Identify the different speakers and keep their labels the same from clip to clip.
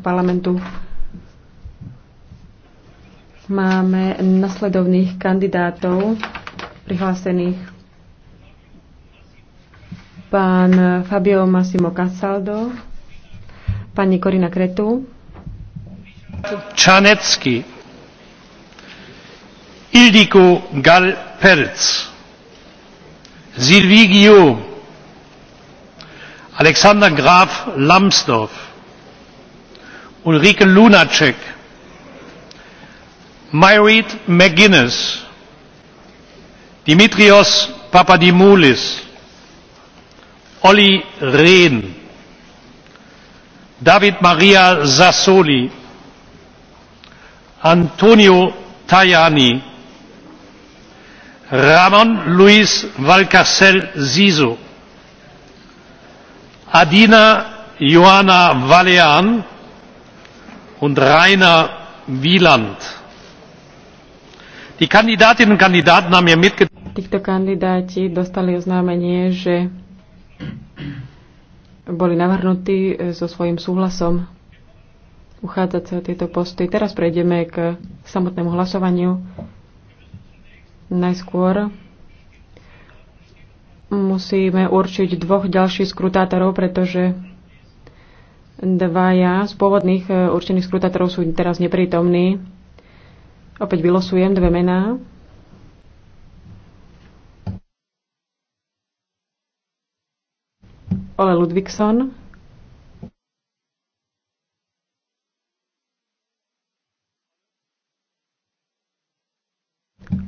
Speaker 1: parlamentu máme nasledovných kandidátov prihlásených. Pán Fabio Massimo Casaldo, pani Korina Kretu,
Speaker 2: Čanecký, Ildiko Gal-Pelc, Silvigio, Alexander Graf Lambsdorff, Ulrike Lunacek, Myreed McGuinness, Dimitrios Papadimoulis, Olli Rehn, David Maria Sassoli, Antonio Tajani, Ramon Luis Valcarcel Siso, Adina Joana Valean, und rainer wieland. Die Kandidatinnen und Kandidaten haben mir mitgeteilt,
Speaker 1: Títo kandidáti dostali oznámenie, že boli navrhnutí e, so svojím súhlasom uchádzať sa o tieto posty. Teraz prejdeme k samotnému hlasovaniu. Najskôr musíme určiť dvoch ďalších skrutátorov, pretože Dvaja z pôvodných e, určených skrutátorov sú teraz neprítomní. Opäť vylosujem dve mená. Ole Ludvíkson.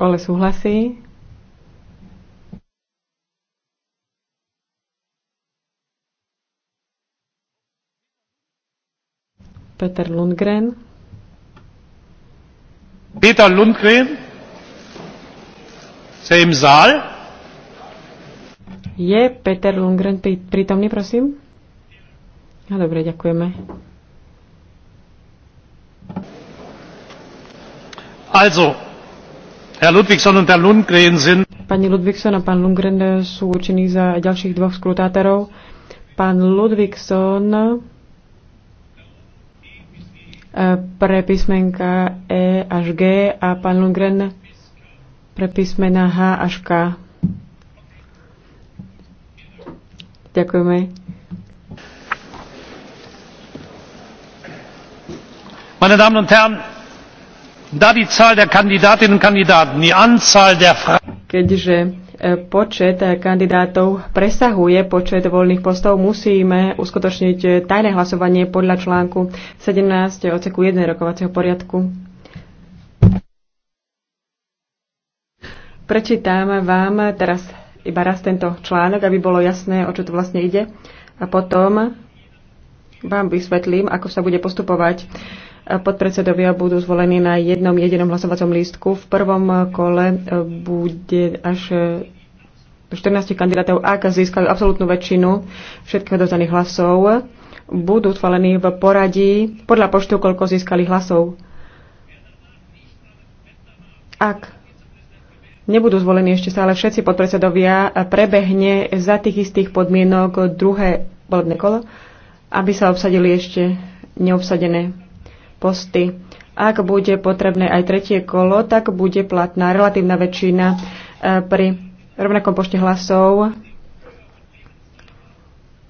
Speaker 1: Ole súhlasí. Peter Lundgren.
Speaker 2: Peter Lundgren? Ste im Saal?
Speaker 1: Je Peter Lundgren prítomný, prosím? No dobre, ďakujeme.
Speaker 2: Also, Herr Ludwigson und Herr Lundgren sind...
Speaker 1: Pani Ludwigson a pán Lundgren sú určení za ďalších dvoch skrutátorov. Pán Ludwigson pre písmenka E až G a pán Lundgren pre písmena H až K. Ďakujeme.
Speaker 2: Meine Damen und Herren, da die Zahl der Kandidatinnen und Kandidaten, die Anzahl der Fragen,
Speaker 1: počet kandidátov presahuje počet voľných postov, musíme uskutočniť tajné hlasovanie podľa článku 17 odseku 1 rokovacieho poriadku. Prečítam vám teraz iba raz tento článok, aby bolo jasné, o čo tu vlastne ide. A potom vám vysvetlím, ako sa bude postupovať podpredsedovia budú zvolení na jednom jedinom hlasovacom lístku. V prvom kole e, bude až 14 e, kandidátov, ak získajú absolútnu väčšinu všetkých odovzdaných hlasov, budú zvolení v poradí podľa poštu, koľko získali hlasov. Ak nebudú zvolení ešte stále všetci podpredsedovia, e, prebehne za tých istých podmienok druhé volebné kolo, aby sa obsadili ešte neobsadené posty. Ak bude potrebné aj tretie kolo, tak bude platná relatívna väčšina e, pri rovnakom počte hlasov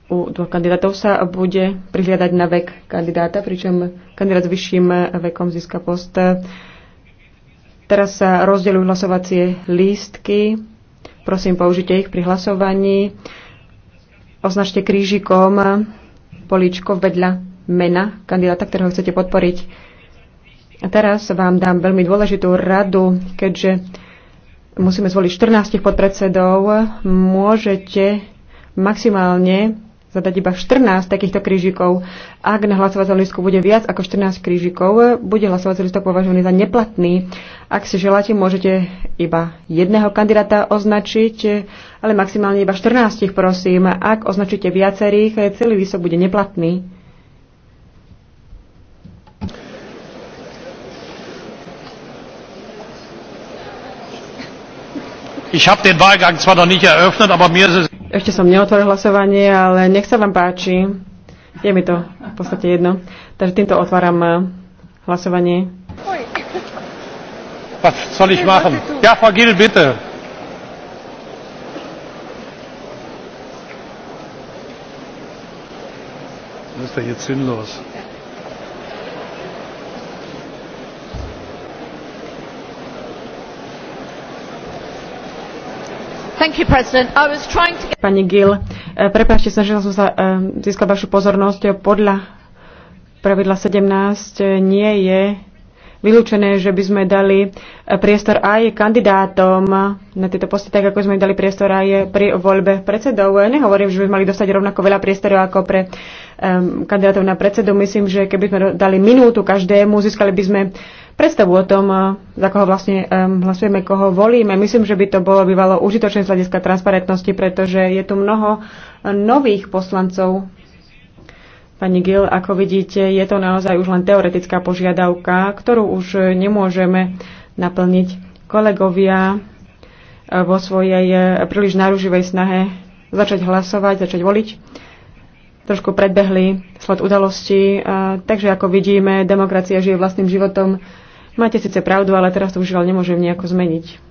Speaker 1: u dvoch kandidátov sa bude prihliadať na vek kandidáta, pričom kandidát s vyšším vekom získa post. Teraz sa rozdeľujú hlasovacie lístky. Prosím, použite ich pri hlasovaní. Označte krížikom políčko vedľa mena kandidáta, ktorého chcete podporiť. A teraz vám dám veľmi dôležitú radu, keďže musíme zvoliť 14 podpredsedov, môžete maximálne zadať iba 14 takýchto krížikov. Ak na hlasovacom lístku bude viac ako 14 krížikov, bude hlasovací lístok považovaný za neplatný. Ak si želáte, môžete iba jedného kandidáta označiť, ale maximálne iba 14 prosím. Ak označíte viacerých, celý lístok bude neplatný.
Speaker 2: Ich habe den Wahlgang zwar noch nicht eröffnet, aber mir ist es...
Speaker 1: Ešte som neotvoril hlasovanie, ale nech sa vám páči. Je mi to v podstate jedno. Takže týmto otváram eh, hlasovanie. Was soll ich machen? Ja, Frau Gill, bitte.
Speaker 2: Das ist ja jetzt sinnlos.
Speaker 1: Pani Gill, eh, prepáčte sa, že som sa eh, získala vašu pozornosť. Podľa pravidla 17 eh, nie je vylúčené, že by sme dali priestor aj kandidátom na tieto posty, tak ako sme dali priestor aj pri voľbe predsedov. Nehovorím, že by mali dostať rovnako veľa priestoru ako pre Ehm, kandidátov na predsedu. Myslím, že keby sme dali minútu každému, získali by sme predstavu o tom, eh, za koho vlastne ehm, hlasujeme, koho volíme. Myslím, že by to bolo bývalo užitočné z hľadiska transparentnosti, pretože je tu mnoho eh, nových poslancov. Pani Gil, ako vidíte, je to naozaj už len teoretická požiadavka, ktorú už nemôžeme naplniť. Kolegovia eh, vo svojej príliš náruživej snahe začať hlasovať, začať voliť trošku predbehli sled udalostí. A, takže ako vidíme, demokracia žije vlastným životom. Máte síce pravdu, ale teraz to už žiaľ nemôžem nejako zmeniť.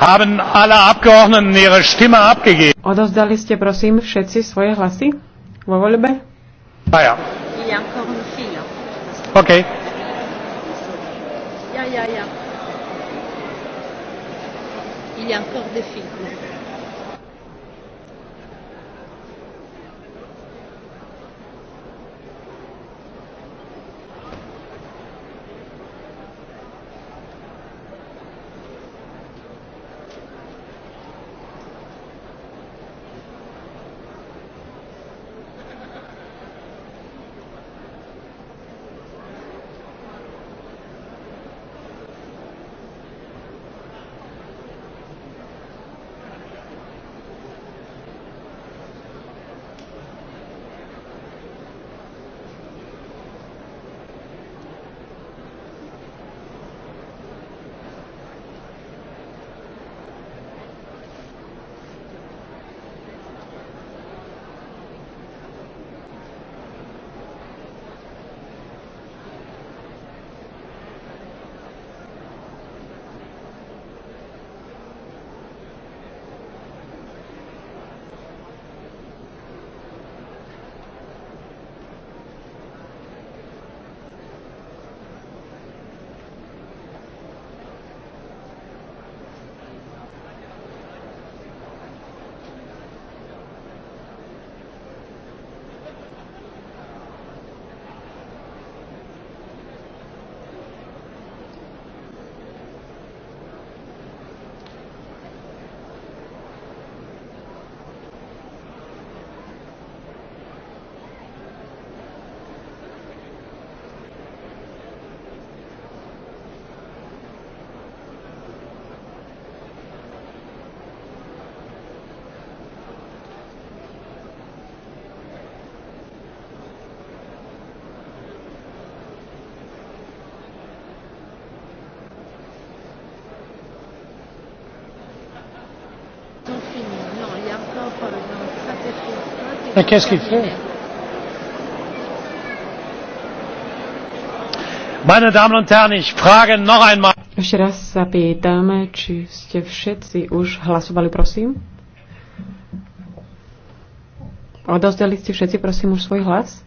Speaker 1: Haben alle Abgeordneten ihre Stimme abgegeben? Odozdali ste prosím všetci svoje hlasy vo voľbe? Ah, ja, ja. OK. Ja, ja, ja.
Speaker 2: Il y a encore des filles. Mais qu'est-ce qu'il fait
Speaker 1: Meine Damen und Herren, ich frage noch einmal. Ešte raz sa pýtame, či ste všetci už hlasovali, prosím. Odozdeli ste všetci, prosím, už svoj hlas?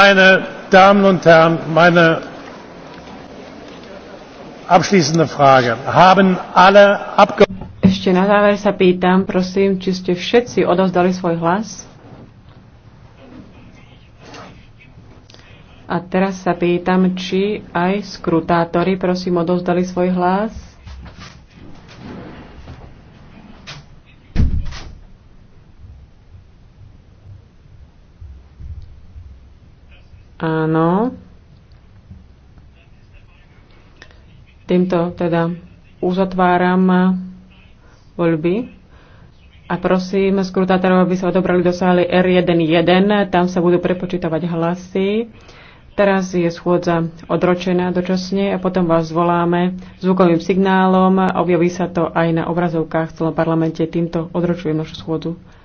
Speaker 2: meine damen und
Speaker 1: herren meine
Speaker 2: abschließende frage
Speaker 1: haben alle ešte na záver sa pýtam, prosím, či ste všetci odovzdali svoj hlas? A teraz sa pýtam, či aj skrutátori, prosím, odovzdali svoj hlas? Áno. Týmto teda uzatváram voľby. A prosím skrutátorov, aby sa odobrali do sály R11. Tam sa budú prepočítavať hlasy. Teraz je schôdza odročená dočasne a potom vás zvoláme zvukovým signálom. Objaví sa to aj na obrazovkách v celom parlamente. Týmto odročujem našu schôdzu.